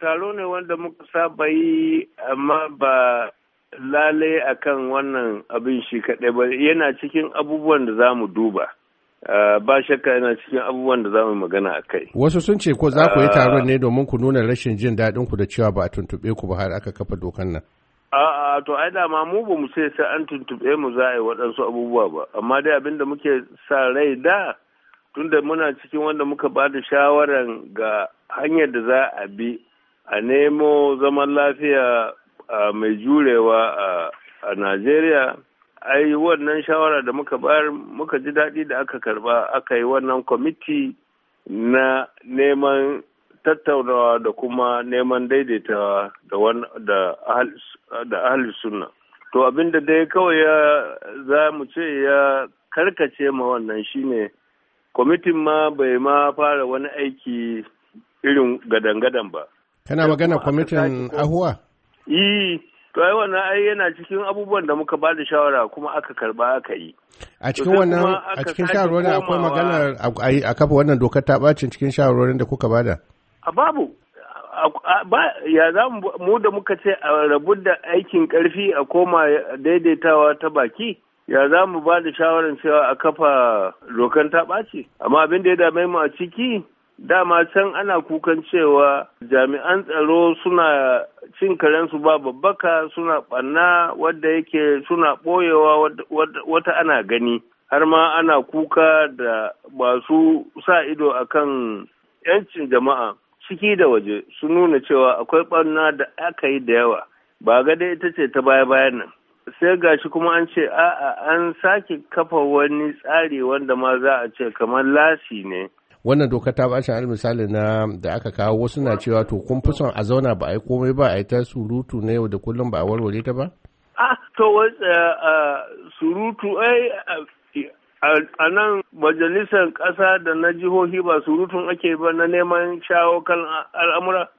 taro ne wanda muka saba yi amma ba a kan wannan abin shi kaɗai ba yana cikin abubuwan da za mu duba ba shakka yana cikin abubuwan da za mu magana a kai wasu sun ce ko za ku yi taron ne domin ku nuna rashin jin daɗin ku da cewa ba a tuntuɓe ku ba har aka kafa dokan nan a'a to ai dama mu ba mu sai sai an tuntuɓe mu za a yi waɗansu abubuwa ba amma dai abin da muke sa rai da tunda muna cikin wanda muka ba da shawaran ga hanyar da za a bi a nemo zaman lafiya mai jurewa a najeriya ai wannan shawara da muka bayar muka ji daɗi da aka karba aka yi wannan kwamiti na neman tattaunawa da kuma neman daidaitawa da ahli sunna to abinda dai kawai ya za mu ce ya karkace ma wannan shine kwamitin ma bai ma fara wani aiki irin gadan-gadan ba. Kana magana kwamitin ahuwa? Yi, to ai wannan ai yana cikin abubuwan da muka ba da shawara kuma aka karba aka yi. A cikin wannan a cikin shawarwarin akwai magana a kafa wannan dokar ta bacin cikin shawarwarin da kuka bada? A babu. ya za mu da muka ce a rabu da aikin karfi a koma daidaitawa ta baki ya za mu ba da shawarar cewa a kafa dokar ta ɓaci amma abin da ya dame mu a ciki dama can ana kukan cewa jami'an tsaro suna cin karensu ba babbaka suna ɓanna wadda yake suna ɓoyewa wata ana gani har ma ana kuka da masu sa ido a kan 'yancin jama'a ciki da waje su nuna cewa akwai ɓanna da aka yi da yawa ba ga dai ita ce ta baya-bayan nan sai gashi kuma an ce a'a an sake kafa wani tsari wanda ma za a ce kamar lasi ne wannan doka ta bashi al misali na da aka kawo wasu na cewa to kun fi son a zauna ba a yi komai ba a yi ta surutu na yau da kullum ba a warware ta ba? Ah, to eh, eh, surutu ai a nan majalisar ƙasa da na jihohi ba surutun ake ba na neman shawo kan al'amura